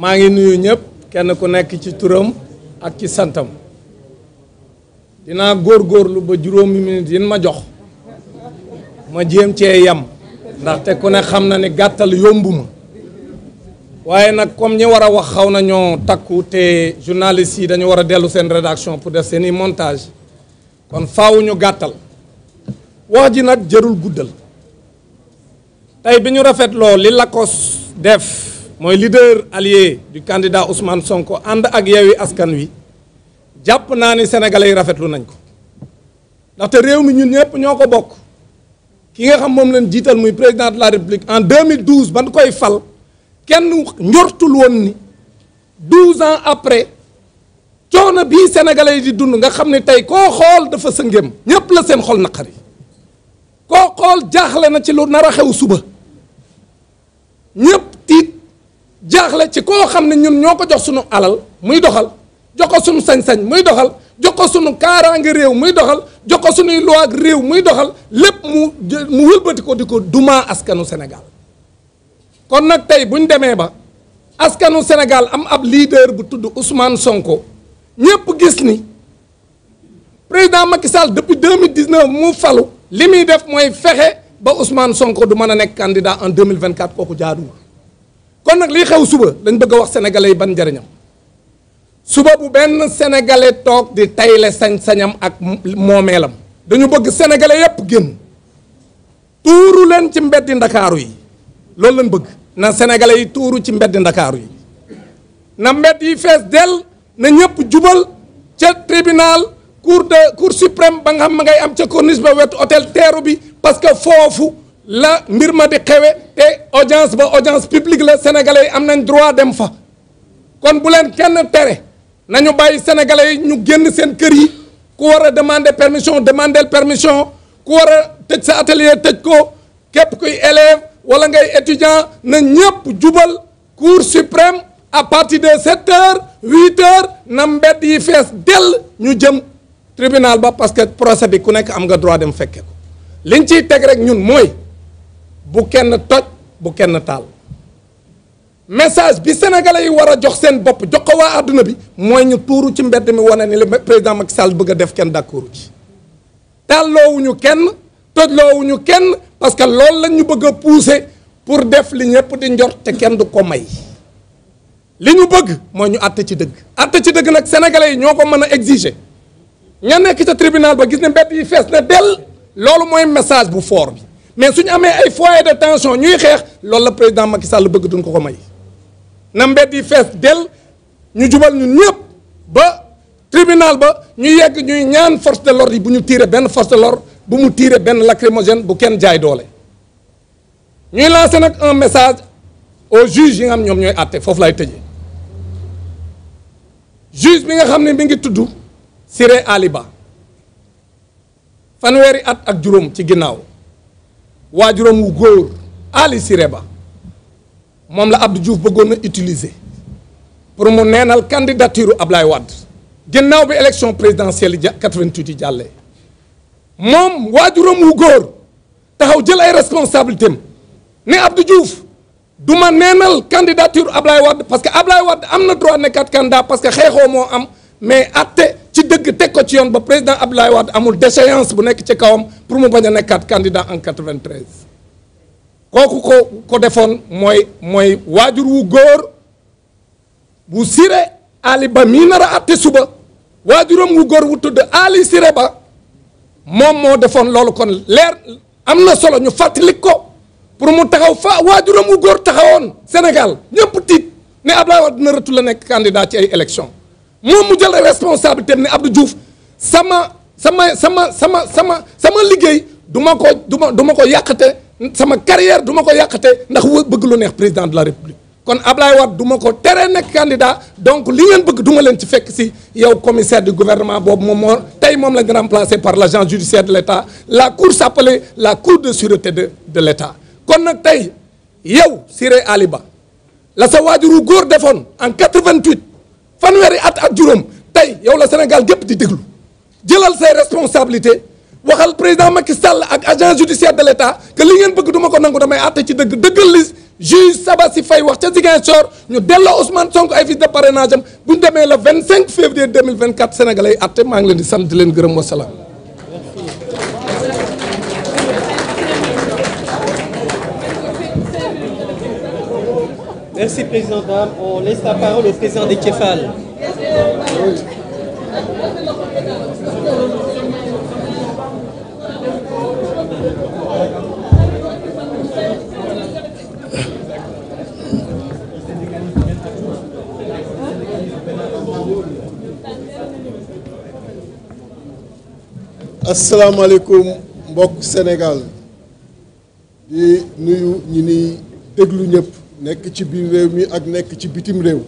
maa ngi nuyu ñëpp kenn ku nekk ci turam ak ci santam dinaa góor góorlu ba juróomi minutes yin ma jox ma jéem cee yem te ku ne xam na ne gàttal yombu ma waaye nag comme ñi war a wax xaw na ñoo takku te journalistes yi dañu war a dellu seen rédaction pour def seeni montage kon faaw ñu gàttal wax ji nag jërul guddal tey bi ñu rafetloo li la ko def mooy leader allié du candidat Ousmane Sonko ànd ak Yewwi Askan Wi jàpp naa ni sénégalais yi rafetlu nañ ko ndaxte réew mi ñun ñëpp ñoo ko bokk ki nga xam moom leen jiital muy président de la république en 2012 ban koy fal kenn njortul woon ni 12 ans après coono bii sénégalais yi di dund nga xam ne tey koo xool dafa sëngéem ñëpp la seen xol naqari koo xool jaaxle na ci lu nar a xew suba ñëpp. jaaxle ci koo xam ne ñun ñoo ko jox sunu alal muy doxal jox ko sunu sañ-sañ muy doxal jox ko sunu kaaraange réew muy doxal jox ko sunuy loi ak réew muy doxal lépp mu mu wëlbati ko di ko dumaa askanu senegal kon nag tey bu ñu demee ba askanu Sénégal am ab leader bu tudd Ousmane Sonko ñëpp gis ni président Macky Sall depuis 2019 mu falu li muy def mooy fexe ba Ousmane Sonko du mën a nekk candidat en 2024 kooku jaaduwul kon nag lii xew suba lañ bëgg a wax sénégalais yi ban njëriñam suba bu benn sénégalais toog di tayle sañ-sañam ak moomeelam dañu bëgg sénégalais yépp génn tuuru leen ci mbeddi ndakaaru yi loolu lañ bëgg na sénégalais yi tuuru ci mbeddi ndakaaru yi na mbedd yi fees dell na ñëpp jubal ca tribunal cour de cour suprême ba nga xam ma ngay am ca corniche ba wetu hôtel teeru bi parce que foofu la mbir ma di xewe te audience ba audience publique la sénégalais yi am nañ droit dem fa kon bu leen kenn tere nañu bàyyi sénégalais yi ñu génn seen kër yi ku war a demander permission demander permission ku war a tëj sa atelier tëj ko képp kuy élève wala ngay étudiant na ñëpp jubal cour suprême à partir de sept heures huit heures na mbedd yi fees dell ñu jëm tribunal ba parce que procès bi ku nekk am nga droit dem fekke ko liñ ciy teg rek ñun mooy bu kenn toj bu kenn taal message bi sénégalais yi war a jox seen bopp jox ko waa àdduna bi mooy ñu tuuru ci mbedd mi wane ni le président Macky Sall bëgg a def kenn d'accord ci tàlloowuñu kenn tojloowuñu kenn parce que loolu lañ ñu bëgg a pousser pour def li ñëpp di njort te kenn du ko may li ñu bëgg mooy ñu àtte ci dëgg àtte ci dëgg nag sénégalais yi ñoo ko mën a exiger ña nekk ca tribunal ba gis ne mbedd yi fees na dell loolu mooy message bu foor bi mais suñu amee ay foyer de tension ñuy xeex loolu la président Macky Sall bëgg duñ ko ko may na mbedd yi fees del ñu jubal ñun ñëpp ba tribunal ba ñu yegg ñuy ñaan force de l'ordre yi bu ñu tiire benn force de l'ordre bu mu tiiree benn lacrymogène bu kenn jaay doole ñuy lancé nag un message au juge yi nga am ñoom ñooy àtte foofu lay tëjee juge bi nga xam ne mi ngi tudd Siré Ali Ba fanweeri at ak juróom ci ginnaaw waajuram wu góor Ali Ba moom la Abdou Diouf bëggoon na utiliser pour mu neenal candidature Ablaye Wade ginnaaw bi élection présidentielle yi 88 yi jàllee moom waajuram wu góor taxaw jël ay responsabilités am ne Abdou Diouf du ma neenal candidature Ablaye Wade parce que Ablaye Wade am na droit nekkaat candidat parce que xeexoo moo am mais atte ci dëgg teg ko ci yoon ba président Abdoulaye Wade amul déchéance bu nekk ci kawam pour mu bañ a nekkaat candidat en 93 kooku ko ko defoon mooy mooy waajur wu góor bu Siré Ali Ba mii nar a àtte suba waajuram wu góor wu tudd Ali Siré Ba moom moo defoon loolu kon leer am na solo ñu fàttali ko pour mu taxaw fa waajuram wu góor taxawoon Sénégal ñëpp tiit ne Abdoulaye Wade dina la nekk candidat ci ay élection moom mu jël responsabilité ne Abdou Diouf sama sama sama sama sama sama liggéey du ma ko du ma du ma ko yàqate sama carrière du ma ko yàqate ndax bëgg lu neex président de la république kon Ablaye Wade du ma ko teree nekk candidat donc li leen bëgg duma leen ci fekk si yow commissaire du gouvernement boobu moom moo tey moom lañ remplacé par l' agent judiciaire de l' la cour s' la cour de sûreté de de l' état kon nag tey yow Siré Ali Ba la sa waajuru góor defoon en 88. fanweeri at ak juróom tey yow la Sénégal gépp di déglu jëlal say responsabilité waxal président Macky Sall ak agent judiciaire de l' état que li ngeen bëgg duma ko nangu damay àtte ci dëgg dëggal li juge Sabassi Faye wax ca Ziguinchor ñu delloo Ousmane Sonko ay fiches de parrainage am bu ñu demee le 25 février 2024 Sénégalais yi àtte maa ngi leen di sant di leen gërëm wasalaam Merci, Président Dame. On laisse la parole au Président des Kefal. asalaamaaleykum mbokk Sénégal di nuyu ñi ni déglu ñëpp nekk ci biir réew mi ak nekk ci bitim réew